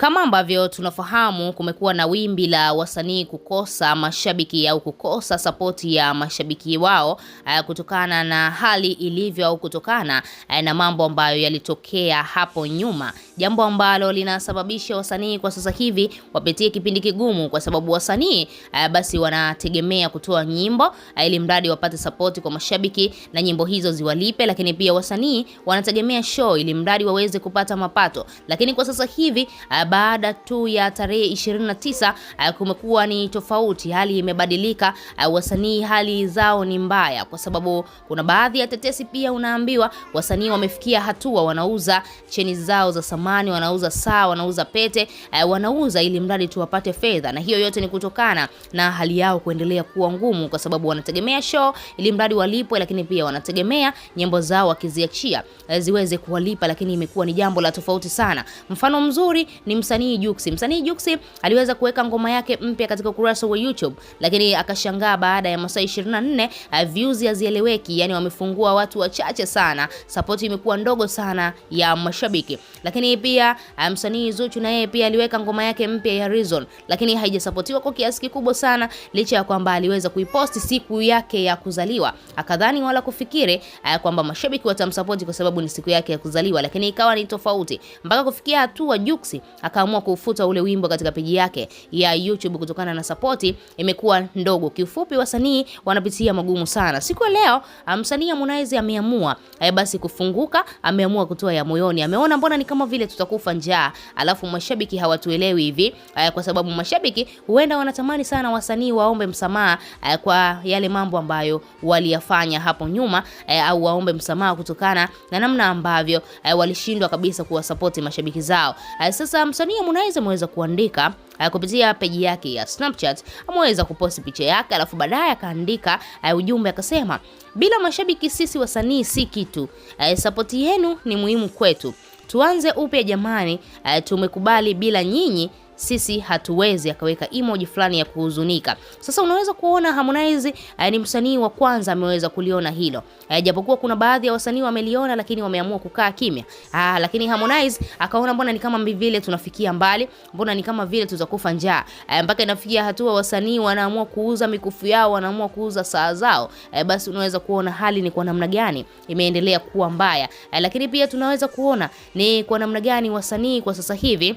Kama ambavyo tunafahamu, kumekuwa na wimbi la wasanii kukosa mashabiki au kukosa sapoti ya mashabiki wao eh, kutokana na hali ilivyo au kutokana eh, na mambo ambayo yalitokea hapo nyuma, jambo ambalo linasababisha wasanii kwa sasa hivi wapitie kipindi kigumu, kwa sababu wasanii eh, basi wanategemea kutoa nyimbo ili mradi wapate sapoti kwa mashabiki na nyimbo hizo ziwalipe, lakini pia wasanii wanategemea show ili mradi waweze kupata mapato, lakini kwa sasa hivi baada tu ya tarehe 29 eh, kumekuwa ni tofauti, hali imebadilika. Eh, wasanii hali zao ni mbaya, kwa sababu kuna baadhi ya tetesi pia unaambiwa wasanii wamefikia hatua wanauza cheni zao za samani, wanauza saa, wanauza pete, eh, wanauza ili mradi tu wapate fedha, na hiyo yote ni kutokana na hali yao kuendelea kuwa ngumu, kwa sababu wanategemea show ili mradi walipwe, lakini pia wanategemea nyimbo zao wakiziachia ziweze kuwalipa, lakini imekuwa ni jambo la tofauti sana. Mfano mzuri ni msanii Juksi. Msanii Juksi aliweza kuweka ngoma yake mpya katika ukurasa wa YouTube, lakini akashangaa baada ya masaa 24 eh, views hazieleweki, yani wamefungua watu wachache sana, support imekuwa ndogo sana ya mashabiki. Lakini pia eh, msanii Zuchu na yeye pia aliweka ngoma yake mpya ya Reason, lakini haijasupportiwa kwa kiasi kikubwa sana, licha ya kwamba aliweza kuiposti siku yake ya kuzaliwa. Akadhani wala kufikiri eh, kwamba mashabiki watamsupport kwa sababu ni siku yake ya kuzaliwa, lakini ikawa ni tofauti mpaka kufikia hatua Juksi akaamua kuufuta ule wimbo katika peji yake ya YouTube kutokana na sapoti imekuwa ndogo. Kiufupi, wasanii wanapitia magumu sana. Siku ya leo ah, msanii Harmonize ameamua haya eh, basi kufunguka, ameamua kutoa ya moyoni. Ameona mbona ni kama vile tutakufa njaa, alafu mashabiki hawatuelewi hivi, eh, kwa sababu mashabiki huenda wanatamani sana wasanii waombe msamaha eh, kwa yale mambo ambayo waliyafanya hapo nyuma, au waombe msamaha kutokana na namna ambavyo walishindwa kabisa kuwasapoti mashabiki zao. Sasa msanii Harmonize ameweza kuandika eh, kupitia peji yake ya Snapchat ameweza kuposti picha yake, alafu baadaye akaandika eh, ujumbe akasema, bila mashabiki sisi wasanii si kitu, eh, sapoti yenu ni muhimu kwetu, tuanze upya jamani, tumekubali bila nyinyi sisi hatuwezi, akaweka emoji fulani ya kuhuzunika. Sasa unaweza kuona Harmonize eh, ni msanii wa kwanza ameweza kuliona hilo, eh, japokuwa kuna baadhi ya wasanii wameliona, lakini wameamua kukaa kimya. Ah, lakini Harmonize akaona mbona ni kama vile tunafikia mbali, mbona ni kama vile tutakufa njaa, eh, mpaka inafikia hatua wasanii wanaamua kuuza mikufu yao, wanaamua kuuza saa zao. Basi unaweza kuona hali ni kwa namna gani imeendelea kuwa mbaya, lakini pia tunaweza kuona ni kwa namna gani wasanii kwa sasa hivi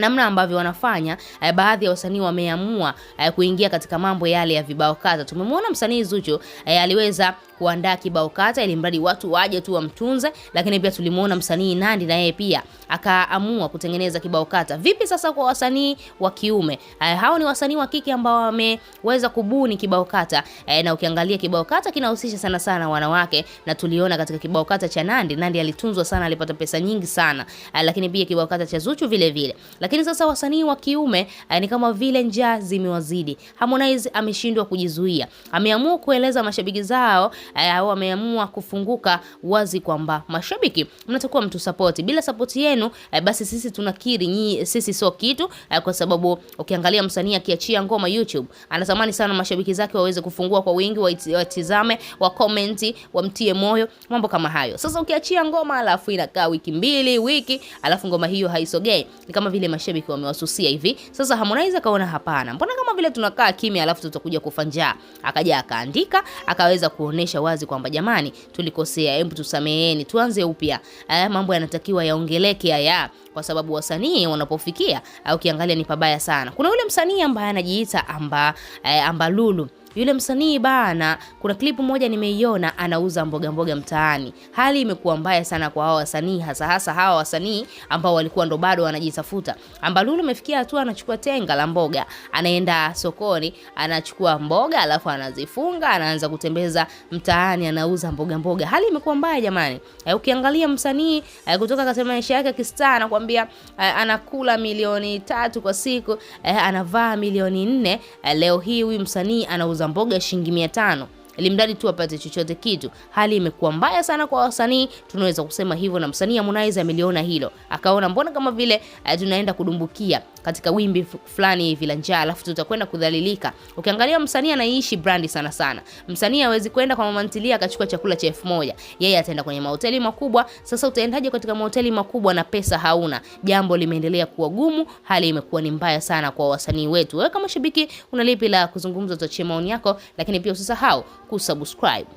namna ambavyo wanafanya eh, baadhi ya wasanii wameamua eh, kuingia katika mambo yale ya vibao kaza. Tumemwona msanii Zuchu eh, aliweza kuandaa kibao kata, ili mradi watu waje tu wamtunze. Lakini pia tulimuona msanii Nandi na yeye pia akaamua kutengeneza kibao kata. Vipi sasa kwa wasanii wa kiume? Eh, hao ni wasanii wa kike ambao wameweza kubuni kibao kata e, na ukiangalia kibao kata kinahusisha sana sana wanawake, na tuliona katika kibao kata cha Nandi, Nandi alitunzwa sana, alipata pesa nyingi sana e, lakini pia kibao kata cha Zuchu vile vile. Lakini sasa wasanii wa kiume e, ni kama vile njaa zimewazidi. Harmonize ameshindwa kujizuia, ameamua kueleza mashabiki zao eh, wameamua kufunguka wazi kwamba mashabiki mnatakiwa mtu support. Bila support yenu eh, basi sisi tunakiri nyi, sisi sio kitu eh, kwa sababu ukiangalia msanii akiachia ngoma YouTube anatamani sana mashabiki zake waweze kufungua kwa wingi, watizame, wa comment, wamtie moyo, mambo kama hayo. Sasa ukiachia ngoma alafu inakaa wiki mbili, wiki alafu ngoma hiyo haisogei, ni kama vile mashabiki wamewasusia hivi. Sasa Harmonize akaona hapana, mbona kama vile tunakaa kimya alafu tutakuja kufanjaa. akaja akaandika akaweza kuonesha wazi kwamba jamani, tulikosea, hebu tusameheni, tuanze upya. Haya mambo yanatakiwa yaongeleke haya, kwa sababu wasanii wanapofikia, au kiangalia ni pabaya sana. Kuna yule msanii ambaye anajiita amba, eh, amba Lulu yule msanii bana, kuna klipu moja nimeiona anauza mboga mboga mtaani. Hali imekuwa mbaya sana kwa hawa wasanii, hasa hasa hawa wasanii ambao walikuwa ndo bado wanajitafuta. Ambalulu amefikia hatua anachukua tenga la mboga, anaenda sokoni, anachukua mboga alafu anazifunga, anaanza kutembeza mtaani, anauza mboga mboga. Hali imekuwa mbaya jamani. E, Ukiangalia msanii e, kutoka katika maisha yake kista, anakuambia e, anakula milioni tatu kwa siku, e, anavaa milioni nne. e, Leo hii huyu msanii anauza kuuza mboga shilingi mia tano ilimradi tu apate chochote kitu. Hali imekuwa mbaya sana kwa wasanii, tunaweza kusema hivyo, na msanii Harmonize ameliona hilo, akaona mbona kama vile eh, tunaenda kudumbukia katika wimbi fulani hivi la njaa, alafu tutakwenda kudhalilika. Ukiangalia msanii anaishi brandi sana sana. Msanii hawezi kwenda kwa mama ntilia akachukua chakula cha elfu moja, yeye ataenda kwenye mahoteli makubwa. Sasa utaendaje katika mahoteli makubwa na pesa hauna? Jambo limeendelea kuwa gumu, hali imekuwa ni mbaya sana kwa wasanii wetu. Wewe kama shabiki, una lipi la kuzungumza? Tuachie maoni yako, lakini pia usisahau kusubscribe.